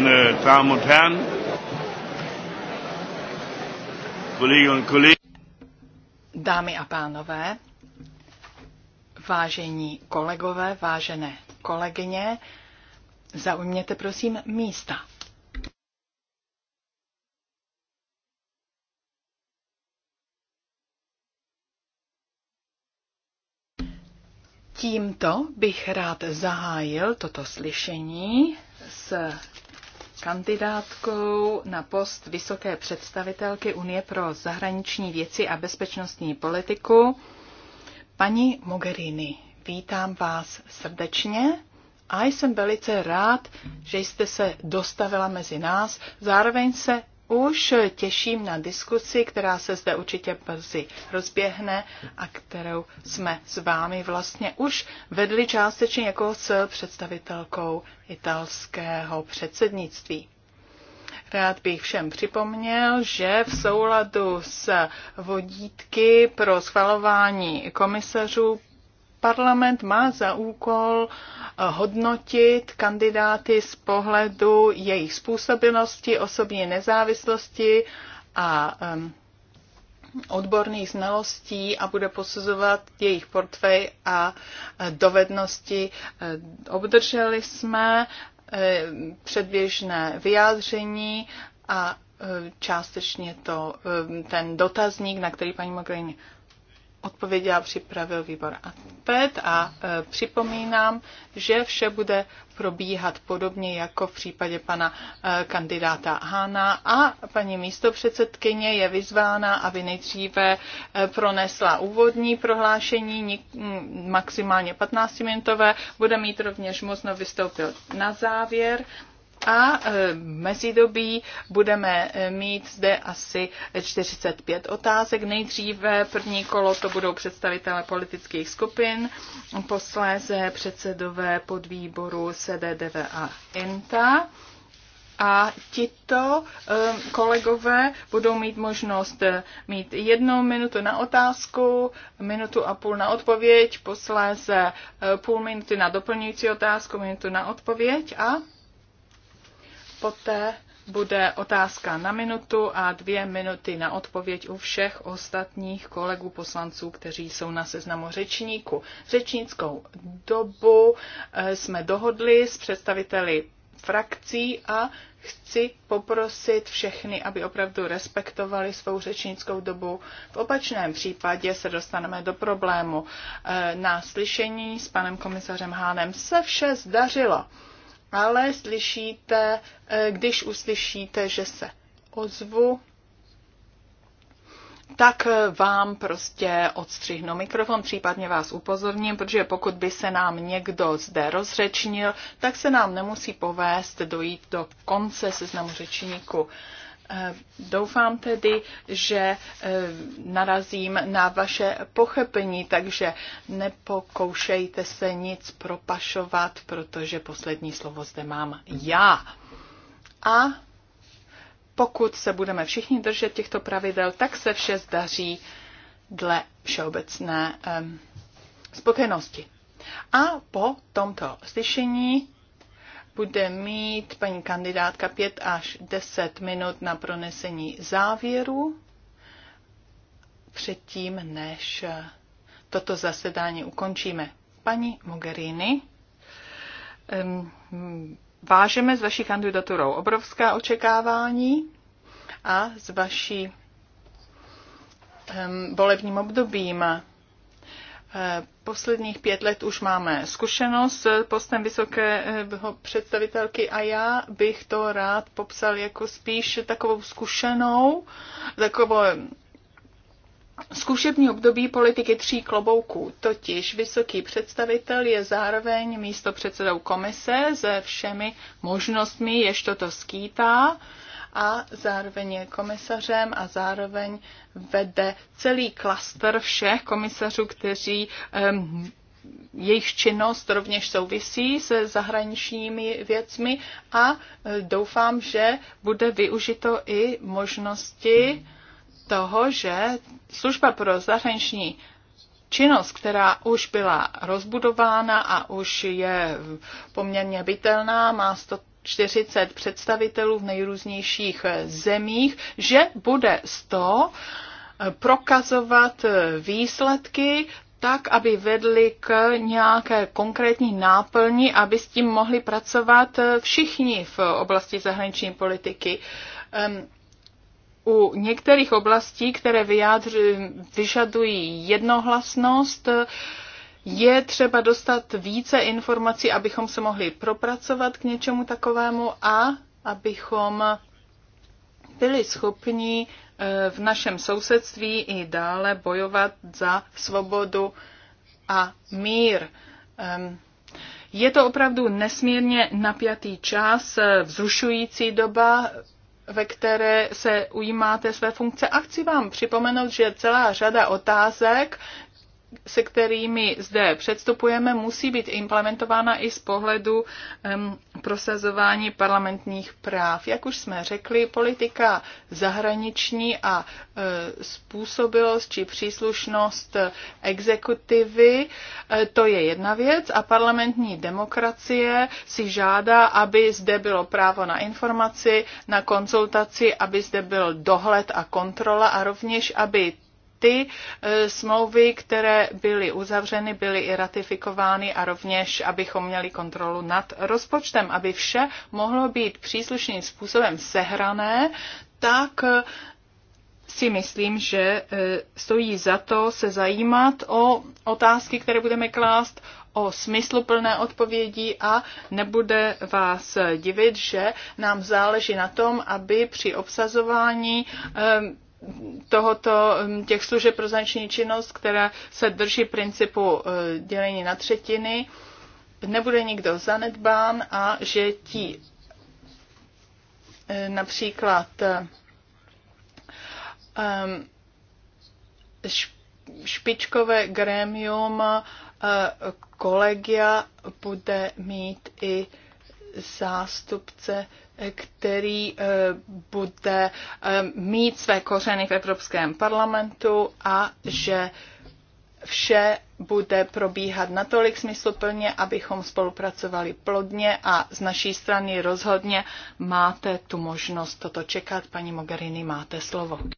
meine Damen und Herren, Kolleginnen und Kollegen. Dámy a pánové, vážení kolegové, vážené kolegyně, zaujměte prosím místa. Tímto bych rád zahájil toto slyšení s kandidátkou na post vysoké představitelky Unie pro zahraniční věci a bezpečnostní politiku. Paní Mogherini, vítám vás srdečně a jsem velice rád, že jste se dostavila mezi nás. Zároveň se už těším na diskusi, která se zde určitě brzy rozběhne a kterou jsme s vámi vlastně už vedli částečně jako s představitelkou italského předsednictví. Rád bych všem připomněl, že v souladu s vodítky pro schvalování komisařů Parlament má za úkol eh, hodnotit kandidáty z pohledu jejich způsobilosti, osobní nezávislosti a odborných znalostí a bude posuzovat jejich portfej a eh, dovednosti. Eh, obdrželi jsme předběžné vyjádření a částečně to, ten dotazník, na který paní Mogherini odpověděl připravil výbor APET a e, připomínám, že vše bude probíhat podobně jako v případě pana e, kandidáta Hána a paní místopředsedkyně je vyzvána, aby nejdříve e, pronesla úvodní prohlášení, nik, maximálně 15-minutové, bude mít rovněž možnost vystoupit na závěr a e, mezidobí budeme e, mít zde asi 45 otázek. Nejdříve první kolo to budou představitelé politických skupin, posléze předsedové podvýboru CDDV a INTA. A tito e, kolegové budou mít možnost mít jednu minutu na otázku, minutu a půl na odpověď, posléze půl minuty na doplňující otázku, minutu na odpověď a Poté bude otázka na minutu a dvě minuty na odpověď u všech ostatních kolegů poslanců, kteří jsou na seznamu řečníku. Řečnickou dobu eh, jsme dohodli s představiteli frakcí a chci poprosit všechny, aby opravdu respektovali svou řečnickou dobu. V opačném případě se dostaneme do problému. Eh, na slyšení s panem komisařem Hánem se vše zdařilo ale slyšíte, eh, když uslyšíte, že se ozvu, tak eh, vám prostě odstřihnu mikrofon, případně vás upozorním, protože pokud by se nám někdo zde rozřečnil, tak se nám nemusí povést dojít do konce seznamu řečníku. Eh, doufám tedy, že eh, narazím na vaše pochopení, takže nepokoušejte se nic propašovat, protože poslední slovo zde mám já. A pokud se budeme všichni držet těchto pravidel, tak se vše zdaří dle všeobecné um, spokojenosti. A po tomto slyšení bude mít paní kandidátka 5 až 10 minut na pronesení závěru předtím, než toto zasedání ukončíme. Paní Mogherini, vážeme s vaší kandidaturou obrovská očekávání a s vaší volebním obdobím Posledních pět let už máme zkušenost s postem vysokého představitelky a já bych to rád popsal jako spíš takovou zkušenou, takovou Zkušební období politiky tří klobouků, totiž vysoký představitel je zároveň místo předsedou komise se všemi možnostmi, jež toto skýtá, a zároveň je komisařem a zároveň vede celý klaster všech komisařů, kteří um, jejich činnost rovněž souvisí se zahraničními věcmi a e, doufám, že bude využito i možnosti toho, že služba pro zahraniční činnost, která už byla rozbudována a už je poměrně bytelná, má 100 40 představitelů v nejrůznějších eh, zemích, že bude 100 eh, prokazovat eh, výsledky tak, aby vedli k nějaké konkrétní náplni, aby s tím mohli pracovat všichni v oblasti zahraniční politiky. U některých oblastí, které vyjádři, vyžadují jednohlasnost, je třeba dostat více informací, abychom se mohli propracovat k něčemu takovému a abychom byli schopni eh, v našem sousedství i dále bojovat za svobodu a mír. Ehm, je to opravdu nesmírně napjatý čas, eh, vzrušující doba, ve které se ujímáte své funkce. A chci vám připomenout, že celá řada otázek, se kterými zde předstupujeme, musí být implementována i z pohledu um, prosazování parlamentních práv. Jak už jsme řekli, politika zahraniční a e, způsobilost či příslušnost exekutivy, e, to je jedna věc a parlamentní demokracie si žádá, aby zde bylo právo na informaci, na konzultaci, aby zde byl dohled a kontrola a rovněž, aby ty e, smlouvy, které byly uzavřeny, byly i ratifikovány a rovněž, abychom měli kontrolu nad rozpočtem, aby vše mohlo být příslušným způsobem sehrané, tak e, si myslím, že e, stojí za to se zajímat o otázky, které budeme klást, o smysluplné odpovědi a nebude vás divit, že nám záleží na tom, aby při obsazování tohoto, hm, těch služeb pro zahraniční činnost, která se drží principu eh, dělení na třetiny, nebude nikdo zanedbán a že ti eh, například eh, hm, špičkové grémium kolegia bude mít i zástupce, který eh, bude eh, mít své kořeny v Evropském parlamentu a že vše bude probíhat natolik smysluplně, abychom spolupracovali plodně a z naší strany rozhodně máte tu možnost toto čekat. Paní Mogherini, máte slovo.